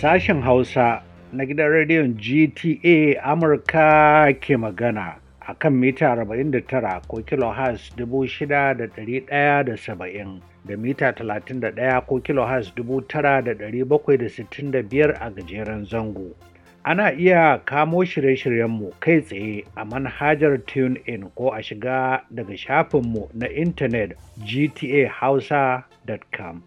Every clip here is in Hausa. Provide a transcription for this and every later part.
Sashen Hausa na gidan rediyon GTA Amurka ke magana a kan mita 49 ko kilohertz 6,170 da mita 31 ko kilohertz 9,765 a gajeren zango. Ana iya kamo shirye-shiryenmu kai tsaye a manhajar TuneIn ko a shiga daga shafinmu na intanet gtahausa.com.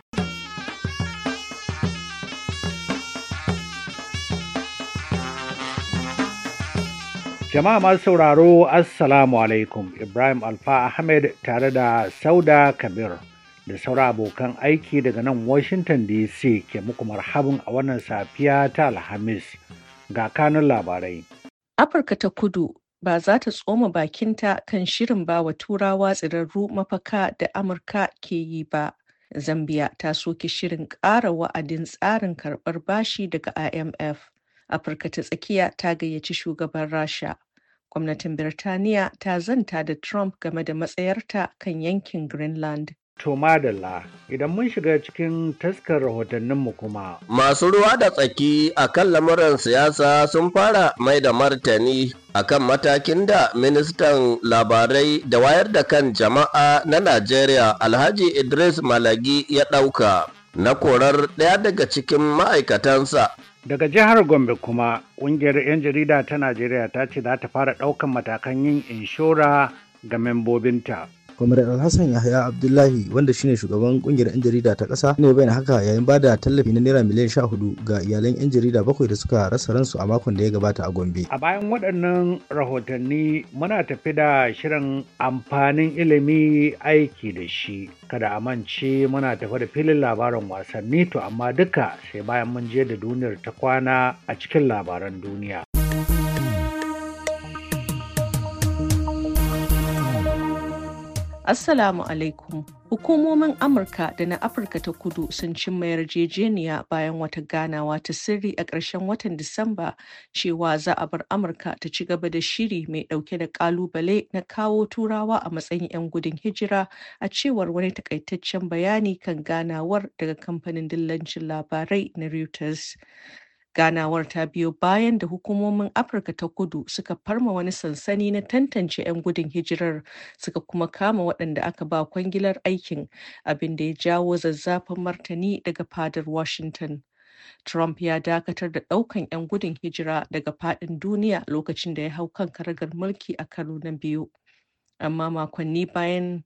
Jama'a masu sauraro Assalamu alaikum Ibrahim Alfa Ahmed tare da Sauda Kabir da saura abokan aiki daga nan Washington DC ke muku marhabin a wannan safiya ta Alhamis ga kanun labarai. Afirka ta kudu ba za ta tsoma bakinta kan shirin ba wa turawa tsirarru mafaka da Amurka ke yi ba. Zambia ta soke shirin ƙara wa'adin tsarin karɓar bashi daga IMF. afirka ta tsakiya ta gayyaci shugaban rasha gwamnatin birtaniya ta zanta da trump game da matsayarta kan yankin greenland To madalla idan mun shiga cikin taskar rahotanninmu kuma. Masu ruwa da tsaki a kan lamuran siyasa sun fara mai da martani a kan matakin da ministan labarai da wayar da kan jama'a na Najeriya Alhaji Idris Malagi ya ɗauka. Na korar ɗaya daga cikin ma'aikatansa Daga jihar Gombe kuma ƙungiyar 'yan jarida ta Najeriya ta ce za ta fara ɗaukan matakan yin inshora ga membobinta. Comrade Alhassan Yahaya Abdullahi wanda shine shugaban kungiyar 'yan jarida ta ƙasa ne bayan haka yayin ba da tallafi na naira miliyan 14 ga iyalan 'yan jarida bakwai da suka rasa ransu a makon da ya gabata a Gombe. A bayan waɗannan rahotanni muna tafi da shirin amfanin ilimi aiki da shi. Kada a mance muna tafi da filin labarin wasanni to amma duka sai bayan mun je da duniyar ta kwana a cikin labaran duniya. Assalamu alaikum. Hukumomin Amurka da na Afirka ta kudu sun cimma yarjejeniya bayan wata ganawa ta sirri a ƙarshen watan Disamba cewa za a bar Amurka ta ci gaba da shiri mai ɗauke da ƙalubale na kawo turawa a matsayin 'yan gudun hijira a cewar wani takaitaccen bayani kan ganawar daga kamfanin dillancin labarai na Reuters. ganawar ta biyo bayan da hukumomin afirka ta kudu suka farma wani sansani na tantance 'yan gudun hijirar suka kuma kama waɗanda aka ba kwangilar aikin abin da ya jawo zazzafin martani daga fadar washington Trump ya dakatar da ɗaukan 'yan gudun hijira daga faɗin duniya lokacin da ya hau kan karagar mulki a karo na biyu. Amma makonni bayan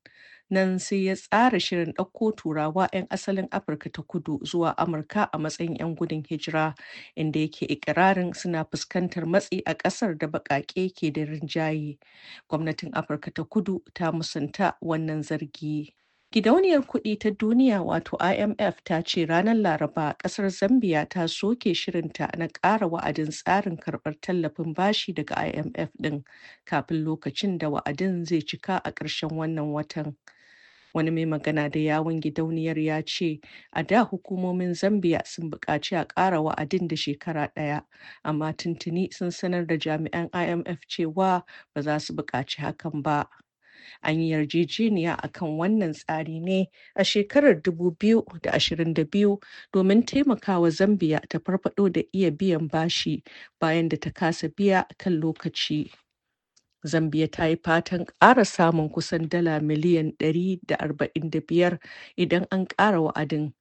nan sai ya tsara shirin ɗauko turawa 'yan asalin afirka ta kudu zuwa amurka a matsayin 'yan gudun hijira inda yake ikirarin suna fuskantar matsi a ƙasar da baƙaƙe ke da rinjaye gwamnatin afirka ta kudu ta musanta wannan zargi Gidauniyar kuɗi ta duniya wato IMF ta ce ranar Laraba ƙasar Zambia ta soke shirinta na ƙara wa'adin tsarin karɓar tallafin bashi daga IMF ɗin kafin lokacin da wa'adin zai cika a ƙarshen wannan watan. wani mai magana da yawon gidauniyar ya ce a da hukumomin zambia sun buƙaci a ƙara wa'adin da shekara ɗaya amma tuntuni sun sanar da jami'an imf cewa ba za su buƙaci hakan ba an yi yarjejeniya a kan wannan tsari ne a shekarar 2022 domin taimakawa zambia ta farfado da iya biyan bashi bayan da ta kasa biya kan lokaci Zambia ta yi fatan ƙara samun kusan dala miliyan 145 idan an ƙara wa'adin.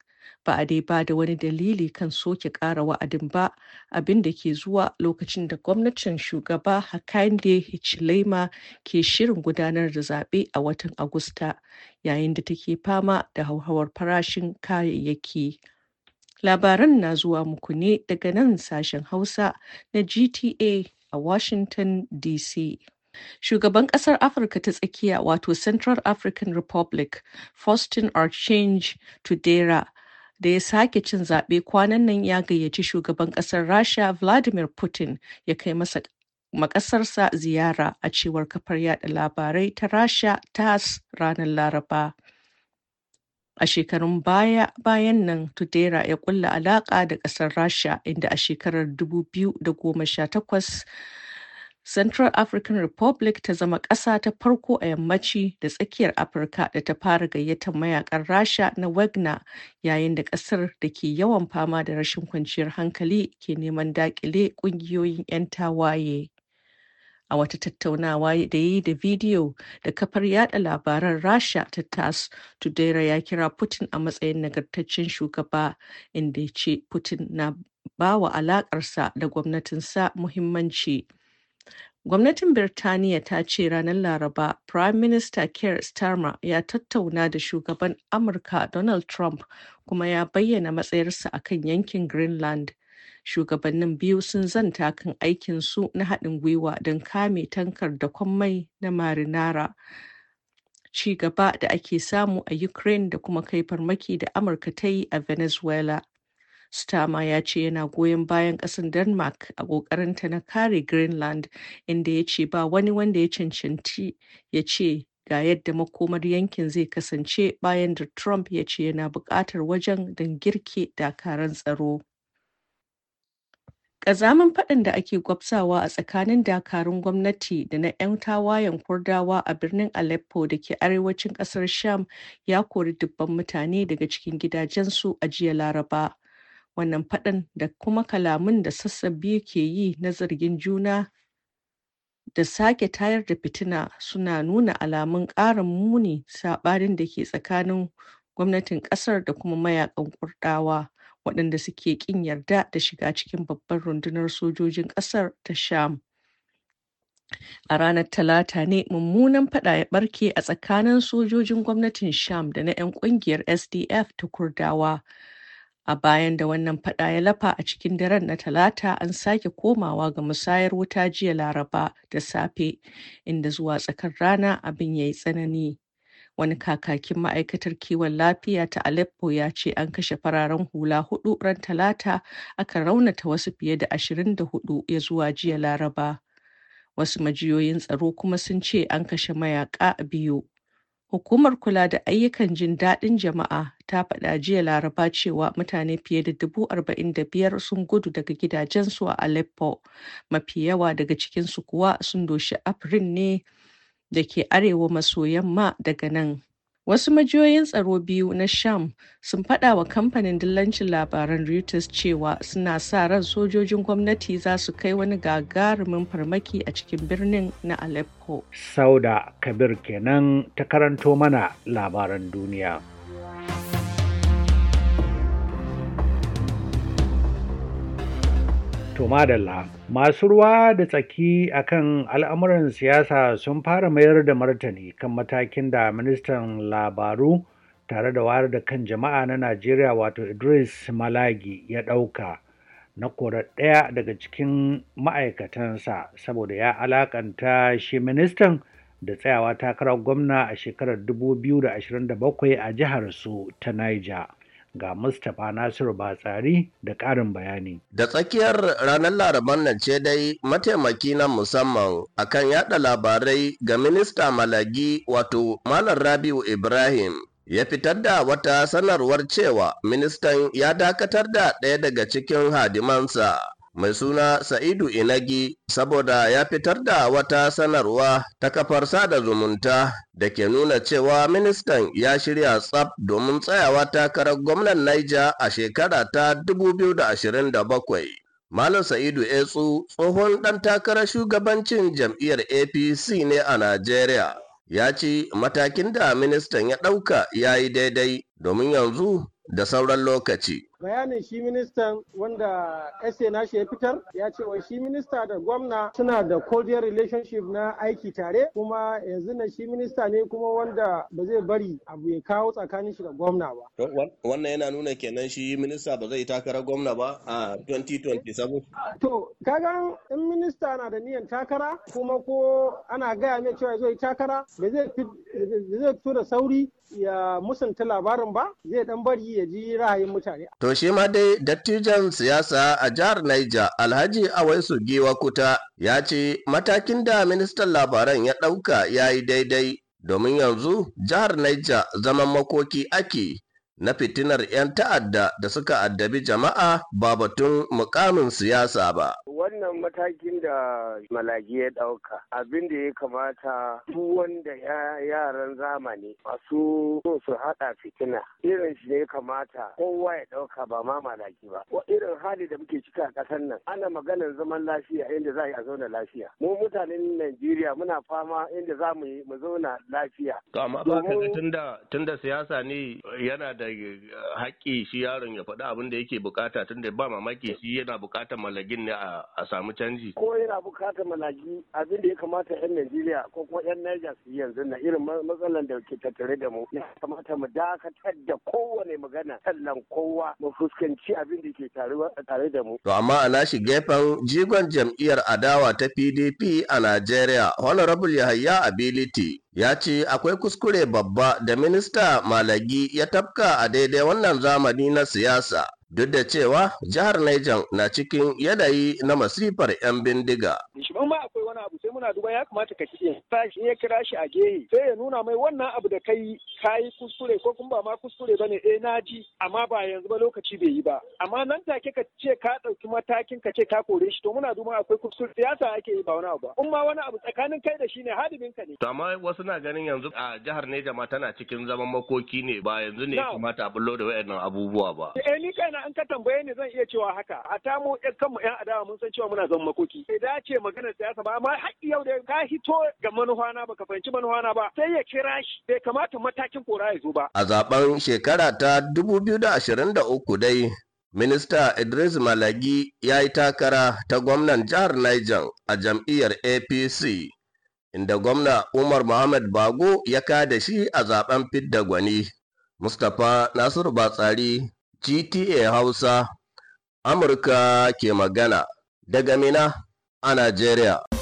Ba a dai ba da wani dalili kan soke ƙara wa'adin ba abin da ke zuwa lokacin da gwamnatin shugaba Hakainde Hichilema ke shirin gudanar da zaɓe a watan Agusta yayin da take fama da hauhawar farashin kayayyaki. Labaran na zuwa muku ne daga nan sashen Hausa na GTA a Washington DC. Shugaban ƙasar Afirka ta tsakiya wato Central African Republic, Faustin Archange Tudera, da ya sake cin zaɓe kwanan nan ya gayyaci shugaban ƙasar Rasha Vladimir Putin ya kai masa makasarsa ziyara a cewar kafar yada labarai ta Rasha TASS ranar Laraba. A shekarun baya bayan nan Tudera ya kulla alaƙa da ƙasar Rasha inda a shekarar 2018 Central African Republic ta zama ƙasa ta farko a Yammaci da tsakiyar Afirka da ta fara gayyatar mayakan Rasha na Wagner yayin da ƙasar da ke yawan fama da rashin kwanciyar hankali ke neman daƙile ƙungiyoyin 'yan tawaye. A wata tattaunawa da yi da bidiyo da kafar yada labaran Rasha ta TASS, Tudera ya kira Putin a matsayin nagartaccen shugaba inda ya ce Putin na bawa alaƙarsa da gwamnatinsa muhimmanci. Gwamnatin Birtaniya ta ce ranar Laraba Prime Minister Keir Starmer ya tattauna da shugaban Amurka Donald Trump kuma ya bayyana matsayarsa a kan yankin Greenland. Shugabannin biyu sun zanta kan aikinsu na haɗin gwiwa don kame tankar da kwamai na Marinara. Ci gaba da ake samu a Ukraine da kuma kai farmaki da Amurka ta yi a Venezuela. Starmer ya ce yana goyon bayan ƙasar Denmark a ƙoƙarinta na kare Greenland, inda ya ce ba wani wanda ya cancanci ya ce ga yadda makomar yankin zai kasance bayan da Trump ya ce yana buƙatar wajen don girke dakaran tsaro. Ƙazamin faɗin da ake gwabsawa a tsakanin dakarun gwamnati da na 'yan tawayen Kurdawa a birnin Aleppo da ke arewacin ƙasar Sham ya kori dubban mutane daga cikin gidajensu a jiya Laraba. wannan faɗan da kuma kalamun da sassabi ke yi na zargin juna da sake tayar da fitina suna nuna alamun ƙarin muni saɓanin da ke tsakanin gwamnatin ƙasar da kuma mayakan kurɗawa waɗanda suke ƙin yarda da shiga cikin babbar rundunar sojojin ƙasar ta sham a ranar talata ne mummunan fada ya barke a tsakanin sojojin gwamnatin sham da na 'yan ƙungiyar sdf ta kurdawa a bayan da wannan fada ya lafa a cikin daren na talata an sake komawa ga musayar wuta jiya laraba da safe inda zuwa tsakar rana abin ya yi tsanani wani kakakin ma'aikatar kiwon lafiya ta aleppo ya ce an kashe fararen hula hudu ran talata aka raunata wasu fiye da ashirin da hudu ya zuwa jiya laraba wasu majiyoyin tsaro kuma sun ce an kashe mayaka biyu Hukumar kula da ayyukan jin daɗin jama'a ta faɗa jiya Laraba cewa mutane fiye da dubu arba'in da biyar sun gudu daga gidajensu a Aleppo, mafi yawa daga cikinsu kuwa sun doshi Afrin ne da ke arewa maso yamma daga nan. Wasu majiyoyin tsaro biyu na Sham sun faɗawa kamfanin dillancin labaran Reuters cewa suna sa ran sojojin gwamnati za su kai wani gagarumin farmaki a cikin birnin na Aleppo. Sauda Kabir kenan ta karanto mana labaran duniya. To madalla, masu ruwa da tsaki akan al'amuran siyasa sun fara mayar da martani kan matakin da ministan labaru tare da wayar da kan jama'a na Najeriya wato Idris Malagi ya ɗauka na kora ɗaya daga cikin ma'aikatansa saboda ya alakanta shi ministan da tsayawa takarar gwamna a shekarar 2027 a jihar su ta Niger. ga Mustapha Nasiru Batsari da ƙarin bayani. Da tsakiyar ranar Laraban nan ce dai mataimaki na musamman akan yada labarai ga minista Malagi wato Malam Rabiu Ibrahim ya fitar da wata sanarwar cewa ministan ya dakatar da ɗaya daga cikin hadimansa. mai suna Sa'idu Inagi saboda ya fitar da wata sanarwa ta kafar sada zumunta da ke nuna cewa ministan ya shirya tsaf domin tsayawa takarar gwamnan Niger a shekara ta 2027. Malam Sa'idu Etsu tsohon ɗan takarar shugabancin jam'iyyar APC ne a Najeriya. Ya ci matakin da ministan ya ɗauka ya yi daidai domin yanzu da sauran lokaci. bayanin shi ministan wanda SA shi ya fitar ya ce wa shi minista da gwamna suna da cordial relationship na aiki tare kuma yanzu na shi minista ne kuma wanda ba zai bari abu ya kawo tsakanin shi da gwamna ba. Wannan yana nuna kenan shi minista ba zai takara gwamna ba a 2027. To, kaga in minista na da niyan takara kuma ko ana gaya mai cewa zai takara ba zai fito da sauri ya musanta labarin ba zai dan bari ya ji ra'ayin mutane. To shi ma dai dattijan siyasa a jihar Niger Alhaji Awaisu Giwa Kuta ya ce matakin da ministan labaran ya ɗauka ya yi daidai domin yanzu jihar Niger zaman makoki ake na fitinar 'yan ta'adda da suka addabi jama'a ba batun mukamin siyasa ba. wannan matakin da malagi ya ɗauka abin da ya kamata duk wanda yaran zamani masu so su haɗa fitina irin shi ne kamata kowa ya ɗauka ba ma malagi ba wa irin hali da muke cika a ƙasar nan ana maganar zaman lafiya inda za a zauna lafiya mu mutanen Najeriya muna fama inda za mu mu zauna lafiya to amma ba ka tunda tunda siyasa ne yana da eh, haƙƙi shi yaron ya faɗi abin da yake bukata tunda ba mamaki shi yana bukatar malagin ne a a samu canji. Ko yana bukatar malagi abin da ya kamata 'yan Najeriya ko kuma 'yan Niger su yanzu na irin matsalar da ke tattare da mu. Ya kamata mu dakatar da kowane magana sannan kowa mu fuskanci abin da ke tare da mu. To amma a nashi gefen jigon jam'iyyar adawa ta PDP a Najeriya Honorable Yahaya Ability ya ce akwai kuskure babba da minista Malagi ya tafka a daidai wannan zamani na siyasa. duk da cewa jihar Niger na cikin yanayi na masifar 'yan bindiga. muna duba ya kamata ka ta shi ya kira shi a gehe sai ya nuna mai wannan abu da kai kayi kuskure ko kuma ba ma kuskure bane eh na ji amma ba yanzu ba lokaci bai yi ba amma nan take ka ce ka ɗauki matakin ka ce ka kore shi to muna duba akwai kuskure siyasa ake yi ba wani abu ba in ma wani abu tsakanin kai da shi ne hadibin ka ne. to amma wasu na ganin yanzu a jihar ne jama'a tana cikin zaman makoki ne ba yanzu ne ya kamata a bullo da wayannan abubuwa ba. eh ni kaina an ka tambaye ni zan iya cewa haka a ta mu kanmu yan adawa mun san cewa muna zaman makoki. bai dace magana siyasa ba amma yau da ka hito ga manuhana ba ka fahimci manuhana ba sai ya kira shi bai kamata matakin kora ya zo ba. A zaben shekara ta 2023 dai Minista Idris Malagi ya yi takara ta gwamnan jihar Niger a jam'iyyar APC, inda gwamna Umar Muhammad Bago ya kada shi a zaben fidda gwani. Mustapha Nasiru Batsari, GTA Hausa, Amurka ke magana daga Mina a Najeriya.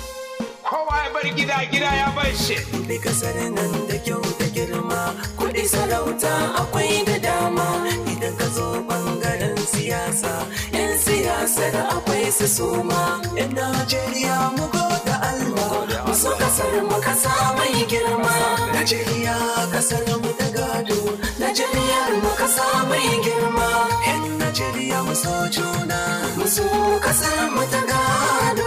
bar gida gida ya bar shi. Bi kasar nan da kyau da girma kuɗi sarauta akwai da dama idan ka zo bangaren siyasa 'yan siyasar akwai su suma 'yan Najeriya mu da Allah musu kasar mu kasa mai girma Najeriya kasar mu da gado Najeriya mu kasa mai girma 'yan Najeriya mu so juna musu kasar mu ta gado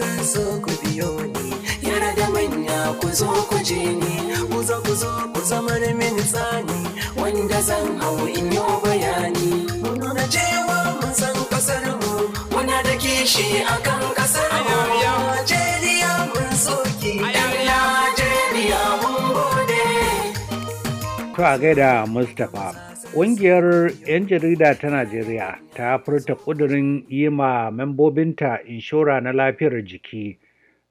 san so ku biyo ni yara da manya ku zo ku je ni ku zo ku zo ku zama da mini tsani wanda zan hau in yi bayani mu nuna cewa mun san kasar mu muna da kishi akan kasar mu Najeriya mun soki ɗan Najeriya mun gode. a gaida Mustapha. Ƙungiyar 'yan jarida ta Najeriya ta furta ƙudurin yi ma membobinta inshora na lafiyar jiki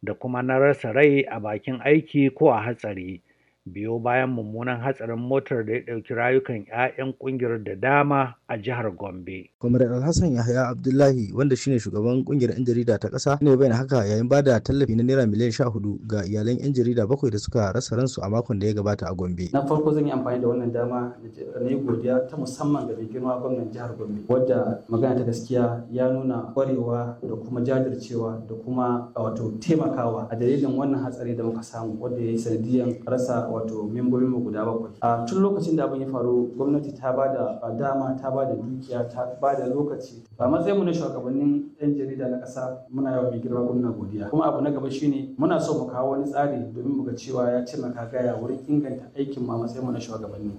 da kuma na rasa rai a bakin aiki ko a hatsari. biyo bayan mummunan hatsarin motar da ya ɗauki rayukan 'ya'yan ƙungiyar da dama a jihar Gombe. Kwamrar Alhassan Yahaya Abdullahi wanda shine shugaban ƙungiyar 'yan jarida ta ƙasa ne bayan haka yayin ba da tallafi na naira miliyan sha hudu ga iyalan 'yan jarida bakwai da suka rasa ransu a makon da ya gabata a Gombe. Na farko zan yi amfani da wannan dama na yi godiya ta musamman ga mai girma gwamnan jihar Gombe wadda magana ta gaskiya ya nuna ƙwarewa da kuma jajircewa da kuma wato taimakawa a dalilin wannan hatsari da muka samu wanda ya yi sanadiyan rasa wato membobin mu guda bakwai a tun lokacin da abin ya faru gwamnati ta ba da dama ta ba da dukiya ta ba da lokaci ba matsayin mu na shugabannin yan jarida na ƙasa muna yawan mai girma gwamna godiya kuma abu na gaba shine muna so mu kawo wani tsari domin mu ga cewa ya ce gaya wurin inganta aikin mu a matsayin mu na shugabanni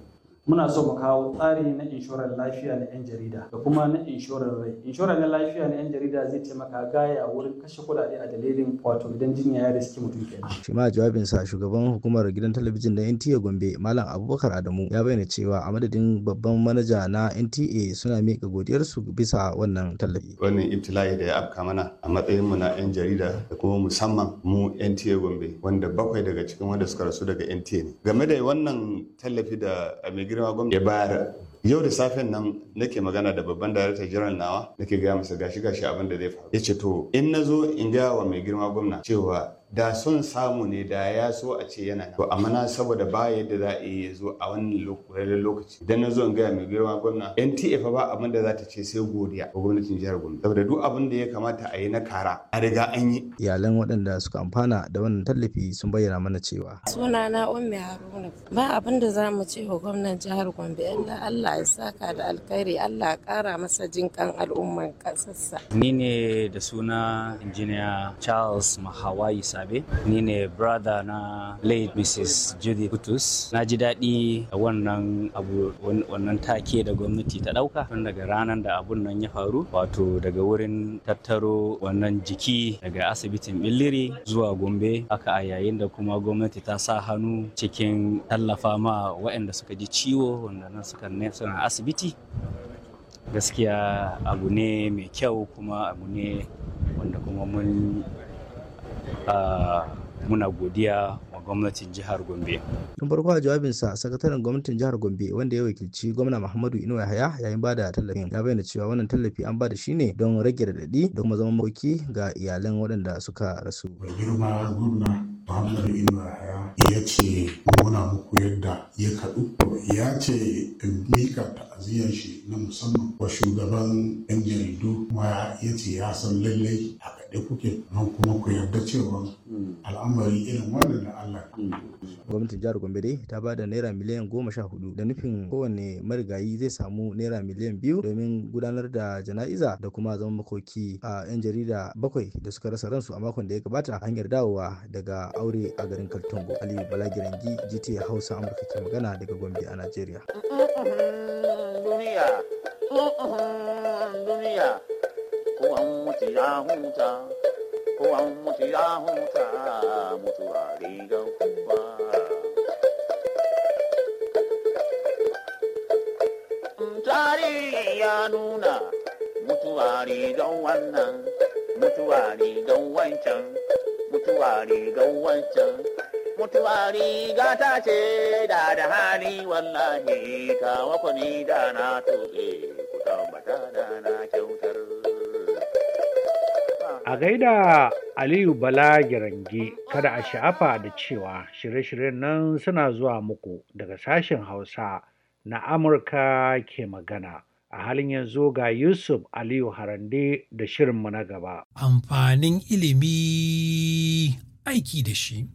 muna so mu kawo tsari na inshorar lafiya na 'yan jarida da kuma na inshorar rai inshorar na lafiya na 'yan jarida zai taimaka gaya wurin kashe kudade a dalilin wato idan jinya ya riski mutum kenan shi ma jawabin sa shugaban hukumar gidan talabijin na NTA Gombe Malam Abubakar Adamu ya bayyana cewa a madadin babban manaja na NTA suna miƙa godiyarsu bisa wannan tallafi wannan ibtila'i da ya afka mana a matsayin mu na 'yan jarida da kuma musamman mu NTA Gombe wanda bakwai daga cikin wanda suka rasu daga NTA ne game da wannan tallafi da eh, girma gwamnati ya bayar yau da safen nan nake magana da babban darakta jiran nawa nake gaya masa gashi gashi abin da zai faru ya ce to in na zo in gaya wa mai girma gwamna cewa da son samu ne da ya so a ce yana to amma na saboda ba yadda za a iya zo a wannan lokaci idan na zo in gaya mai girma gwamna NTF ba abin da za ta ce sai godiya ga gwamnatin jihar Gombe saboda duk abin da ya kamata a yi na kara a riga an yi iyalan waɗanda suka amfana da wannan tallafi sun bayyana mana cewa sunana Ummi Haruna ba abin da za mu ce wa gwamnan jihar Gombe Allah Allah ya saka da alkhairi Allah ya kara masa jinkan al'umman kasarsa ni ne da suna injiniya Charles Mahawai zabe ni ne brother na late mrs judy kutus na ji daɗi wannan abu wannan take da gwamnati ta ɗauka tun daga ranar da abun nan ya faru wato daga wurin tattaro wannan jiki daga asibitin billiri zuwa gombe haka a yayin da kuma gwamnati ta sa hannu cikin tallafa ma waɗanda suka ji ciwo wanda nan suka suna asibiti gaskiya abu ne mai kyau kuma abu ne wanda kuma mun Eh, muna godiya wa gwamnatin jihar gombe tun farko a jawabinsa sakataren gwamnatin jihar gombe wanda ya wakilci gwamna muhammadu inuwa haya yayin ba da tallafin ya bayyana cewa wannan tallafi an ba da shi ne don rage radadi da kuma zama makoki ga iyalan waɗanda suka rasu girma gwamna muhammadu inuwa haya ya ce muna muku yadda ya kaɗu ya ce mika ta'aziyar shi na musamman wa shugaban yan jaridu kuma ya ce ya san lallai da kuke nan kuma ku yarda cewa al'amari irin wannan da Allah. Gwamnatin jihar Gombe dai ta ba da naira miliyan goma sha hudu da nufin kowane marigayi zai samu naira miliyan biyu domin gudanar da jana'iza da kuma zaman makoki a 'yan jarida bakwai da suka rasa ransu a makon da ya gabata hanyar dawowa daga aure a garin Kaltungo. Aliyu Balagirangi GTA Hausa Amurka ke magana daga Gombe a Najeriya. Duniya. Duniya. ko an mutu ya huta ko an mutu ya huta mutuwa rigar ya nuna mutuwa rigar wannan mutuwa rigar wancan mutuwa rigar wancan mutuwa riga ta ce da da hali wallahi kawo ku ni da na dana. A gaida Aliyu Bala Girange kada a sha'afa da cewa shirye-shiryen nan suna zuwa muku daga sashen Hausa na Amurka ke magana. A halin yanzu ga Yusuf Aliyu Harande da shirinmu na gaba. Amfanin ilimi aiki da shi.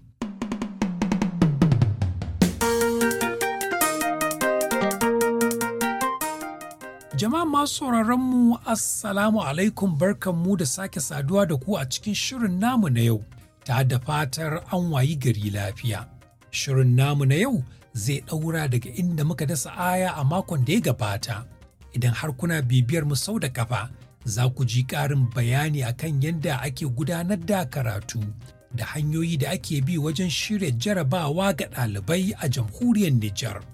Jama'a masu sauraron mu Assalamu alaikum barkanmu da sake saduwa da ku a cikin shirin namu na yau, ta da fatar an wayi gari lafiya. Shirin namu na yau zai ɗaura daga inda muka dasa aya a makon da ya gabata. Idan har kuna bibiyar mu sau da kafa, za ku ji ƙarin bayani akan yadda ake gudanar da karatu da hanyoyi da ake bi wajen shirya jarabawa ga ɗalibai a jamhuriyar Nijar.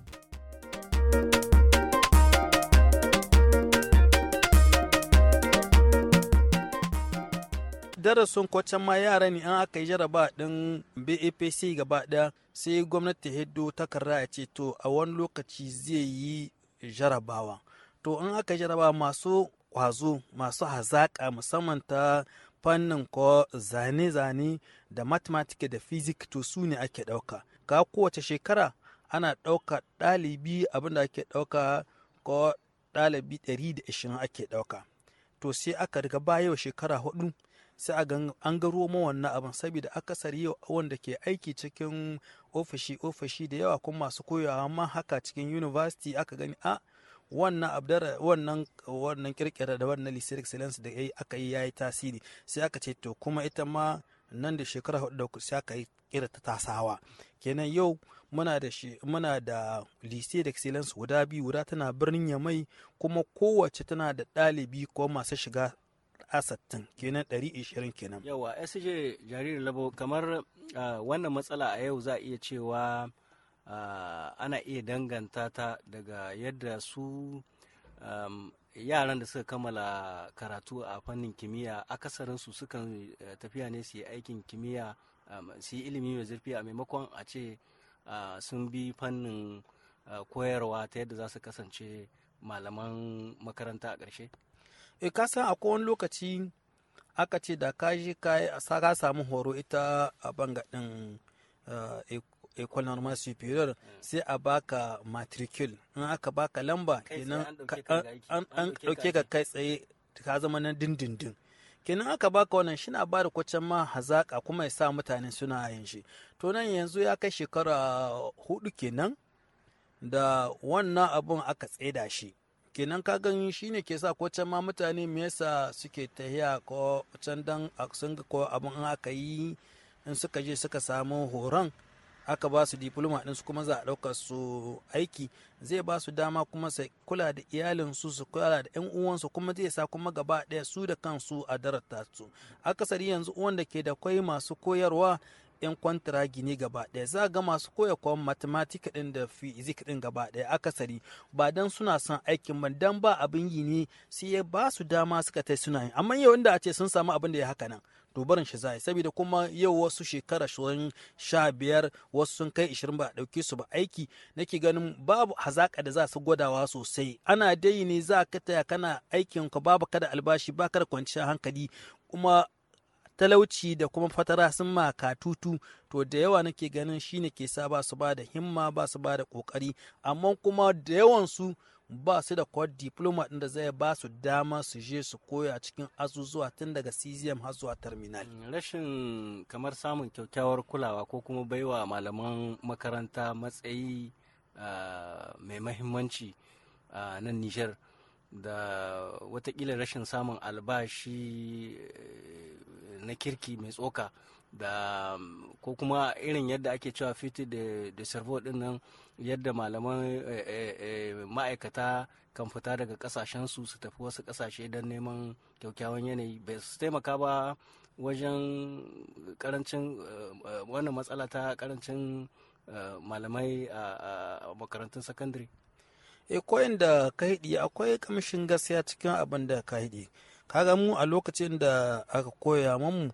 darasin kwacen ma yara ne an aka yi jaraba ɗin bapc gaba ɗaya sai gwamnati hiddo takarda ya ce to a wani lokaci zai yi jarabawa to an aka jaraba masu kwazo masu hazaƙa musamman ta fannin ko zane-zane da mathematics da physics to su ne ake ɗauka ka kowace shekara ana ɗauka ɗalibi abinda ake ɗauka ko ɗalibi 120 ake ɗauka to sai aka riga bayo shekara hudu sai a an ga ruwa wannan abin saboda akasari yau wanda ke aiki cikin ofishi ofishi da yawa kuma masu koyawa amma haka cikin university aka gani a wannan abdara wannan wannan kirkira da wannan lisir excellence da aka yi yayi tasiri sai aka ce to kuma ita ma nan da shekara hudu da sai aka yi kira ta tasawa kenan yau muna da shi muna da lycée d'excellence guda biyu guda tana birnin yamai kuma kowace tana da ɗalibi ko masu shiga hada kenan 120 kenan yawa sj jariri labo kamar wannan matsala a yau za a iya cewa ana iya danganta ta daga yadda su yaran da suka kammala karatu a fannin kimiyya akasarinsu sukan e, tafiya ne su yi aikin kimiyya su yi ilimi mai zurfi a maimakon a ce sun bi fannin koyarwa ta yadda za su kasance malaman makaranta a ƙarshe? e ka san a kowane lokaci aka ce da ka je ka samu horo ita a bangaɗin eh, e-, Ecole normal superior mm. sai a baka matricule in aka baka lamba kenan an ɗauke ka kai tsaye ka zama na dindindin kenan aka baka wannan shi na bada kwacen ma hazaka kuma ya sa mutane suna yin shi to nan yanzu ya kai shekara hudu kenan da wannan abun aka tseda shi kenan ka gani shine ke sa ko can ma mutane me yasa suke tahiya ko can dan sun ko abun an aka yi in suka je suka samu horon aka ba su diploma din su kuma za a ɗaukar su aiki zai ba su dama kuma su kula da iyalinsu su kula da yan uwansu kuma zai sa kuma gaba ɗaya su da kansu a darata su akasari yanzu wanda ke da kwai masu koyarwa 'yan kwantara ne gaba ɗaya za ga masu koya kwan matematika ɗin da fizik ɗin gaba ɗaya akasari ba dan suna son aikin ba dan ba abin yi ne sai ya ba su dama suka tai suna yi amma yau inda a ce sun samu abin da ya haka nan to barin shi zai saboda kuma yau wasu shekara shirin sha biyar wasu sun kai ishirin ba a ɗauke su ba aiki nake ganin babu hazaƙa da za su gwadawa sosai ana dai ne za ka taya kana aikin ka babu kada albashi ba kada kwanciyar hankali kuma talauci da kuma fatara sun maka tutu to da yawa nake ganin shine ke sa ba su ba da himma ba su ba da kokari amma kuma da yawan su ba su da kwa diploma da zai ba su dama su je su koya cikin azuzuwa tun daga cgm har zuwa terminal. Hmm, rashin kamar samun kyakkyawar kulawa ko kuma baiwa malaman makaranta matsayi ah, mai mahimmanci a ah, nan Nijar. da watakila rashin samun albashi eh, na kirki mai tsoka da mm, ko kuma irin yadda ake cewa fiti da servo din nan yadda malaman eh, eh, ma'aikata kan fita daga kasashensu su tafi wasu kasashe don neman kyaukyawan yanayi bai su taimaka ba wajen karancin wannan matsala ta karancin malamai a makarantun sakandare e eh, koyin da ka hidi akwai kamshin gaskiya cikin abin da ka hidi kaga mu a lokacin da aka koya mamu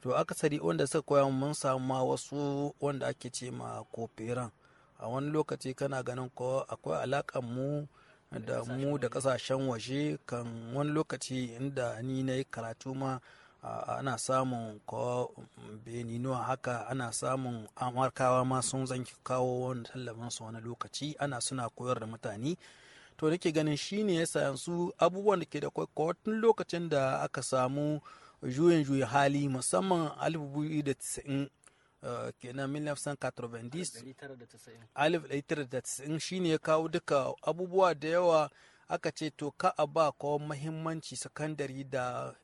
to aka akasari wanda suka koya mun samu ma wasu wanda ake ce ma kofiran a wani lokaci kana ganin ko akwai alakan mu da mu da kasashen waje kan wani lokaci inda ni na yi karatu ma ana samun ko beninuwa haka ana samun amurkawa ma sun zanki kawo wani tallafin su wani lokaci ana suna koyar da mutane to da ke ganin shi ne ya yanzu abubuwan da ke da kwaikwatin lokacin da aka samu juyin juyi hali musamman 1990 eh, kenan 1990 shine ya kawo duka abubuwa da yawa aka ce to ka ba kawo mahimmanci sakandari da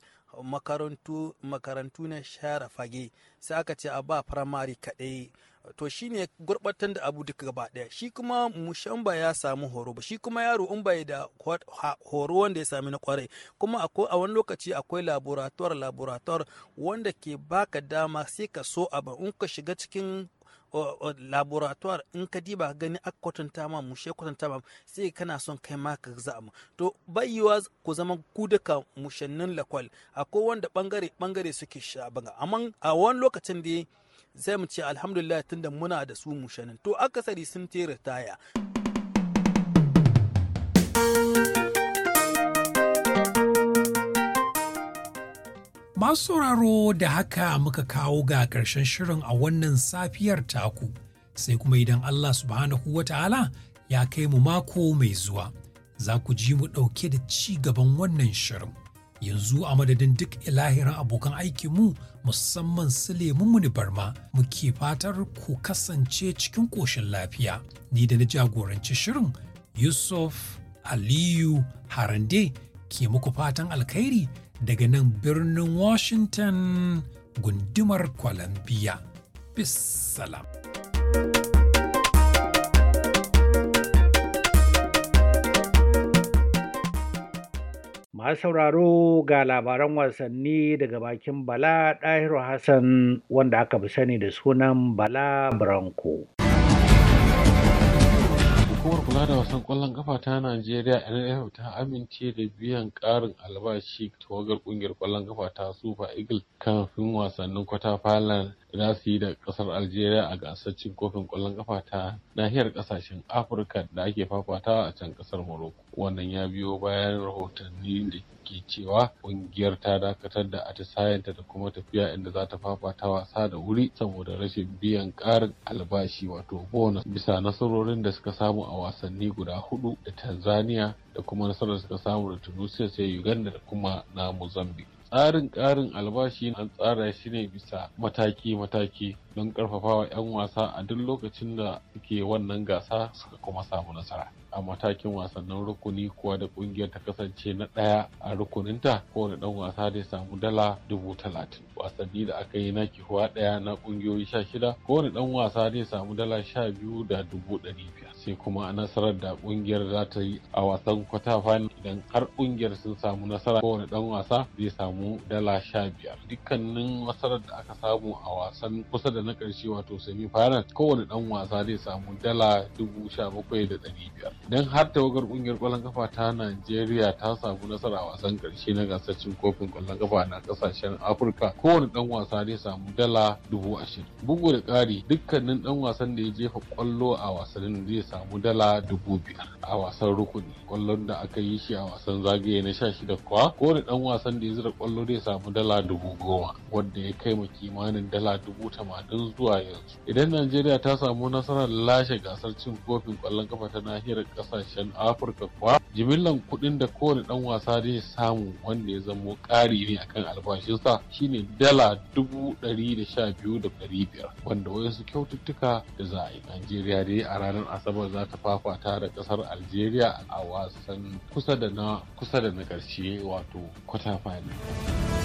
makarantu na shara fage sai aka ce a ba firamare kaɗai to shine gurbatar da abu duka gaba ɗaya shi kuma mushan ya samu horo ba shi kuma yaro in bai da horo wanda ya sami na kwarai kuma a wani lokaci akwai laboratoire laboratoire wanda ke baka dama sai ka so abu in ka shiga cikin laboratoire in ka diba gani aka kwatanta ma mu she kwatanta ma sai kana son kai ma ka za mu to bayyuwa ku zama ku duka mushannin lakwal akwai wanda bangare bangare suke sha banga amma a wani lokacin da zai mu ce alhamdulillah tunda muna da su mushannin to akasari sun tera taya Masu sauraro da haka muka kawo ga ƙarshen shirin a wannan safiyar taku, sai kuma idan Allah subhanahu wa ta'ala ya kai mu mako mai zuwa, za ku ji mu ɗauke da ci gaban wannan shirin. Yanzu a madadin duk ilahirin abokan aikinmu musamman su lemunmu ni barma muke fatar ku kasance cikin ƙoshin lafiya. Ni da na jagoranci shirin Yusuf Aliyu Harande ke muku fatan alkhairi. daga nan birnin Washington gundumar Columbia. Bis Masu sauraro ga labaran wasanni daga bakin Bala Ɗahiru Hassan wanda aka fi sani da sunan Bala Branko. Hukumar kula da wasan kwallon ƙafa ta Najeriya NFF ta amince da biyan ƙarin albashi tawagar kungiyar kwallon ƙafa ta Super Eagles kafin wasannin kwata final za su yi da kasar Algeria a gasar cin kofin kwallon ƙafa ta nahiyar kasashen Afirka da ake fafatawa a can kasar Morocco. Wannan ya biyo bayan rahotanni da ke cewa ƙungiyar ta dakatar da atisayenta da kuma tafiya inda za ta fafata wasa da wuri saboda rashin biyan ƙarin albashi wato bonus bisa nasarorin da suka samu a wasanni guda hudu da tanzania da kuma nasarar da suka samu da tunisia sai uganda da kuma na mozambique tsarin ƙarin albashi an tsara shi ne bisa mataki-mataki don karfafawa 'yan wasa a duk lokacin da suke wannan gasa suka kuma samu nasara a matakin wasannin rukuni kuwa da kungiyar ta kasance na ɗaya a rukuninta kowane dan wasa da samu dala dubu talatin wasanni da aka yi na kihuwa ɗaya na ƙungiyoyi sha shida kowane ɗan wasa da samu dala sha biyu da dubu ɗari biyar sai kuma a nasarar da kungiyar za ta yi a wasan kwata idan har ƙungiyar sun samu nasara kowane ɗan wasa zai samu dala sha biyar dukkanin nasarar da aka samu a wasan kusa da na ƙarshe wato semi final kowane ɗan wasa zai samu dala dubu sha bakwai da ɗari biyar don har tawagar ƙungiyar ƙwallon kafa ta najeriya ta samu nasara a wasan ƙarshe na gasar cin kofin ƙwallon kafa na ƙasashen afirka kowane dan wasa zai samu dala dubu ashirin bugu da ƙari dukkanin dan wasan da ya jefa ƙwallo a wasannin zai samu dala dubu biyar a wasan rukuni ƙwallon da aka yi shi a wasan zagaye na sha shida kuwa kowane ɗan wasan da ya zira ƙwallo zai samu dala dubu goma wanda ya kai ma kimanin dala dubu din zuwa yanzu idan najeriya ta samu nasarar lashe gasar cin kofin ƙwallon kafa ta nahiyar ƙasashen afirka kuwa jimillan kuɗin da kowane ɗan wasa zai samu wanda ya zamo ƙari ne akan albashinsa shine dala dubu ɗari da sha biyu da ɗari biyar wanda wasu kyaututtuka da za a yi najeriya dai a ranar asabar za ta fafata da ƙasar algeria a wasan kusa da na kusa da na ƙarshe wato kwata final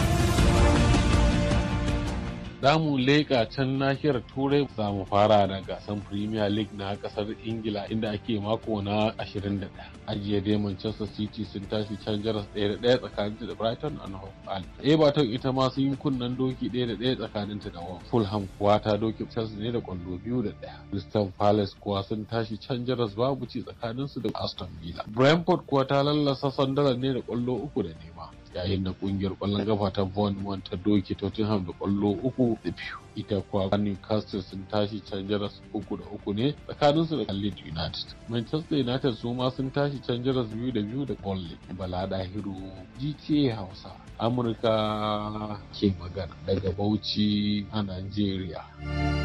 Za mu leƙa can nahiyar Turai za mu fara da gasan Premier League na kasar Ingila inda ake mako na 21. Ajiye dai Manchester City sun tashi can jaras ɗaya da ɗaya tsakanin da Brighton and Hove Albion. Everton ita ma sun yi kunnen doki ɗaya da ɗaya tsakanin ta da Fulham kuwa ta doki Chelsea ne da kwallo biyu da ɗaya. Crystal Palace kuwa sun tashi can jaras babu ci tsakanin su da Aston Villa. Brentford kuwa ta lallasa sandalar ne da kwallo uku da nema. yayin da kungiyar kwallon kafa ta Bournemouth ta doke Tottenham da kwallo uku da biyu. Ita kuwa Newcastle sun tashi can jaras uku da uku ne tsakaninsu da Leeds United. Manchester United su ma sun tashi can jaras biyu da biyu da Burnley. Bala Dahiru GTA Hausa Amurka ke magana daga Bauchi a Najeriya.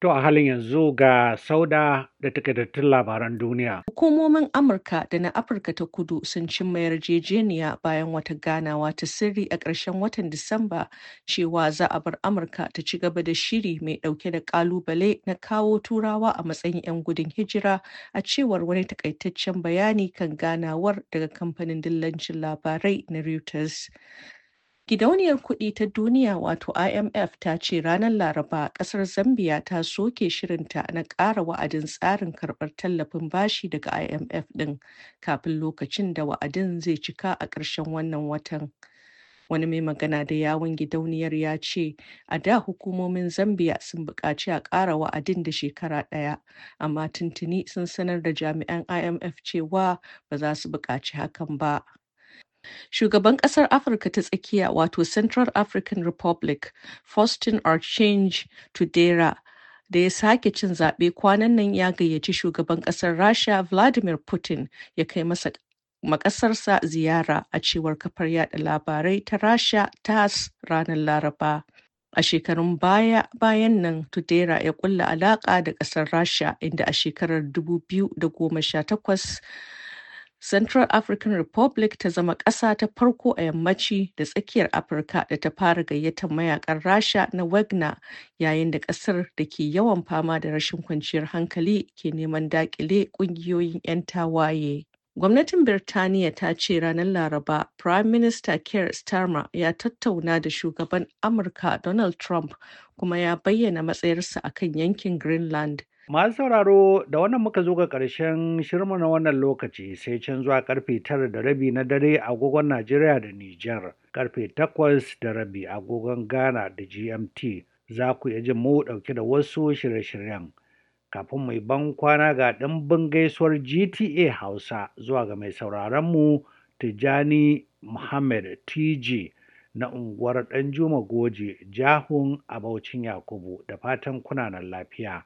To a halin yanzu ga sauda da tun labaran duniya. Hukumomin Amurka da na Afirka ta kudu sun cimma yarjejeniya bayan wata ganawa ta sirri a ƙarshen watan Disamba cewa za a bar Amurka ta ci gaba da shiri mai ɗauke da ƙalubale na kawo turawa a matsayin 'yan gudun hijira a cewar wani takaitaccen bayani kan ganawar daga kamfanin dillancin labarai na Reuters. Gidauniyar Kuɗi ta Duniya wato IMF ta ce ranar Laraba ƙasar zambia ta soke shirinta na ƙara wa'adin tsarin karɓar tallafin bashi daga IMF ɗin kafin lokacin da wa'adin zai cika a ƙarshen wannan watan. Wani mai magana da yawon gidauniyar ya ce, a da hukumomin zambia sun buƙaci a ƙara wa'adin da shekara ɗaya, amma tuntuni sun sanar da jami'an IMF cewa ba za su buƙaci hakan ba. Shugaban ƙasar Afirka ta tsakiya wato Central African Republic, Faustin Archange Tudera, da ya sake cin zaɓe kwanan nan ya gayyaci shugaban ƙasar Rasha Vladimir Putin ya kai masa makasarsa ziyara a cewar kafar yada labarai ta Rasha TASS ranar Laraba. A shekarun baya bayan nan Tudera ya kulla alaƙa da ƙasar Rasha inda a shekarar 2018 Central African Republic ta zama ƙasa ta farko a Yammaci da Tsakiyar Afirka da ta fara gayyatar mayakan Rasha na Wagner yayin da ƙasar da ke yawan fama da rashin kwanciyar hankali ke neman daƙile ƙungiyoyin 'yan tawaye. Gwamnatin Birtaniya ta ce ranar Laraba, Prime Minister Keir Starmer ya tattauna da shugaban Amurka Donald Trump kuma ya bayyana matsayarsa akan yankin Greenland. Masu sauraro da wannan muka zo ga ƙarshen shirma na wannan lokaci sai can zuwa karfe tara da rabi na dare agogon Najeriya da Nijar, karfe takwas da rabi agogon Ghana da GMT za ku iya jin mu ɗauke da wasu shirye-shiryen. Kafin mai ban kwana ga ɗimbin gaisuwar GTA Hausa zuwa ga mai sauraronmu Tijjani Muhammad TG. na unguwar Ɗanjuma Goje Jahun a Yakubu da fatan kuna nan lafiya.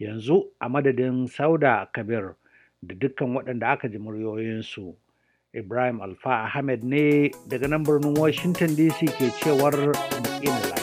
Yanzu a madadin Sauda Kabir da dukkan waɗanda aka ji muryoyinsu, Ibrahim Alfa Ahmed ne daga nan birnin Washington DC ke cewar mu